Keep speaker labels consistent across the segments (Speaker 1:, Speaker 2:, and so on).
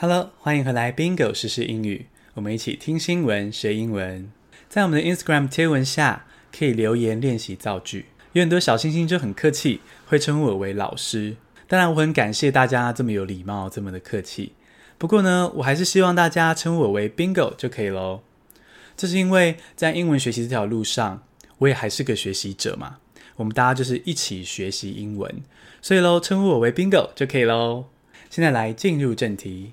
Speaker 1: 哈嘍，Hello, 歡迎回來 Bingo 時事英語，我們一起聽新聞學英文。在我們的 Instagram 貼文下可以留言練習造句，有很多小星星就很客氣，會稱呼我為老師。當然我很感謝大家這麼有禮貌，這麼的客氣。不過呢，我還是希望大家稱呼我為 Bingo 就可以咯。這是因為，在英文學習這條路上，我也還是個學習者嘛。我們大家就是一起學習英文，所以嘍，稱呼我為 Bingo 就可以嘍。現在來進入正題。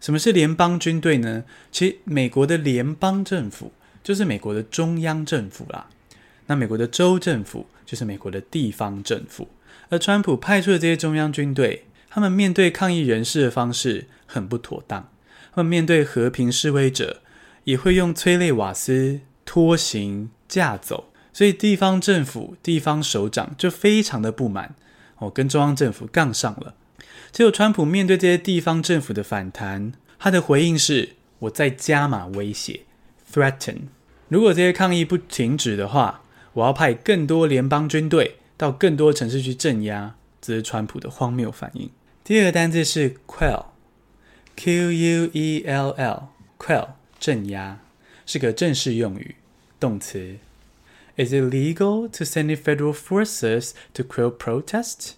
Speaker 1: 什麼是聯邦軍隊呢？其實美國的聯邦政府就是美國的中央政府啦。那美國的州政府就是美國的地方政府。而川普派出的這些中央軍隊，他們面對抗議人士的方式很不妥當。他們面對和平示威者，也會用催淚瓦斯、拖行、架走。所以地方政府、地方首長就非常的不滿，我、哦、跟中央政府槓上了。只有川普面對這些地方政府的反彈，他的回應是：“我在加碼威脅，threaten。如果這些抗議不停止的話，我要派更多聯邦軍隊到更多城市去鎮壓。”這是川普的荒謬反應。第二個單字是 quell，Q U E L L，quell，鎮壓是個正式用語，動詞。Is it legal to send in federal forces to quell protests?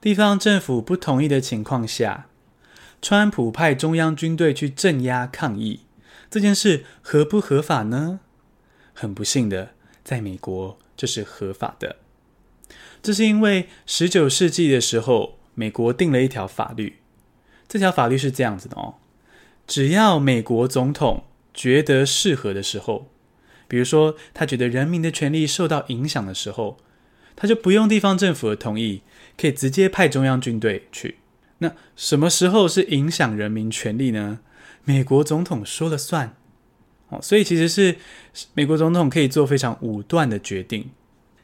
Speaker 1: 地方政府不同意的情況下，川普派中央軍隊去鎮壓抗議，這件事合不合法呢？很不幸的，在美國這是合法的。這是因為十九世紀的時候，美國定了一條法律，這條法律是這樣子的哦，只要美國總統覺得適合的時候，比如說他覺得人民的權利受到影響的時候。他就不用地方政府的同意，可以直接派中央軍隊去。那什麼時候是影響人民權利呢？美國總統說了算哦，所以其實是美國總統可以做非常武斷的決定。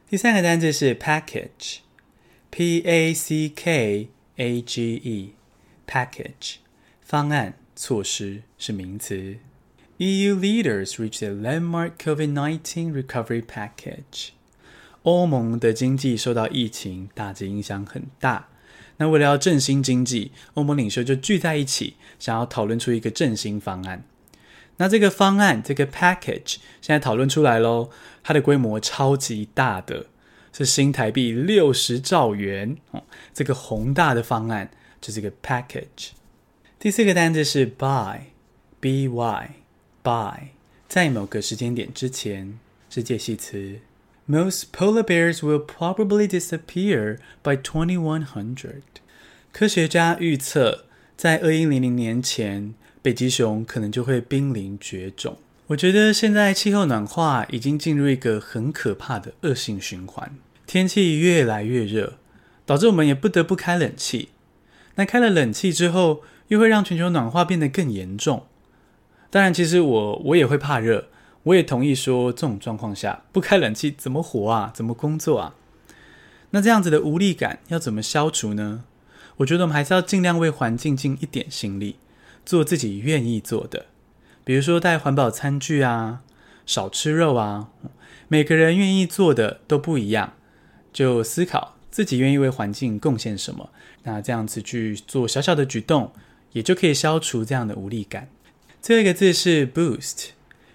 Speaker 1: 第三個單字是 package，P-A-C-K-A-G-E，package 方案、措施是名詞。EU leaders reached the landmark COVID-19 recovery package。歐盟的經濟受到疫情打擊影響很大，那為了要振興經濟，歐盟領袖就聚在一起，想要討論出一個振興方案。那這個方案，這個 package 現在討論出來嘍，它的規模超級大的，是新台幣六十兆元，嗯，這個宏大的方案就是個 package。第四個單字是 by，b y by，在某個時間點之前，是介系詞。Most polar bears will probably disappear by twenty one hundred。科學家預測，在二一零零年前，北極熊可能就會瀕臨絕種。我覺得現在氣候暖化已經進入一個很可怕的惡性循環，天氣越來越熱，導致我們也不得不開冷氣。那開了冷氣之後，又會讓全球暖化變得更嚴重。當然，其實我我也會怕熱。我也同意說，這種狀況下不開冷氣怎麼活啊？怎麼工作啊？那這樣子的無力感要怎麼消除呢？我覺得我們還是要儘量為環境盡一點心力，做自己願意做的，比如說帶環保餐具啊，少吃肉啊。每個人願意做的都不一樣，就思考自己願意為環境貢獻什麼。那這樣子去做小小的舉動，也就可以消除這樣的無力感。最後一個字是 boost。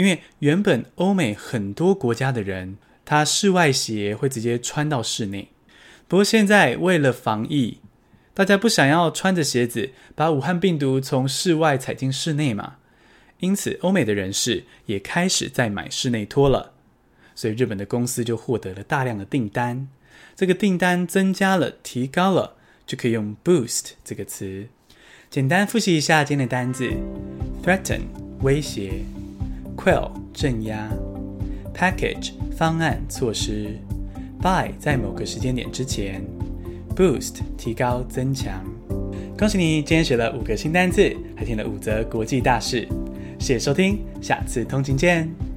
Speaker 1: 因為原本歐美很多國家的人，他室外鞋會直接穿到室內。不過現在為了防疫，大家不想要穿着鞋子把武漢病毒從室外踩進室內嘛。因此，歐美的人士也開始在買室內拖了。所以日本的公司就獲得了大量的訂單。這個訂單增加了，提高了，就可以用 boost 這個詞。簡單複習一下今天的單詞：threaten 威脅。Quell 鎮壓，package 方案措施，by 在某個時間點之前，boost 提高增強。恭喜你，今天學了五個新單詞，還聽了五則國際大事。謝謝收聽，下次通勤見。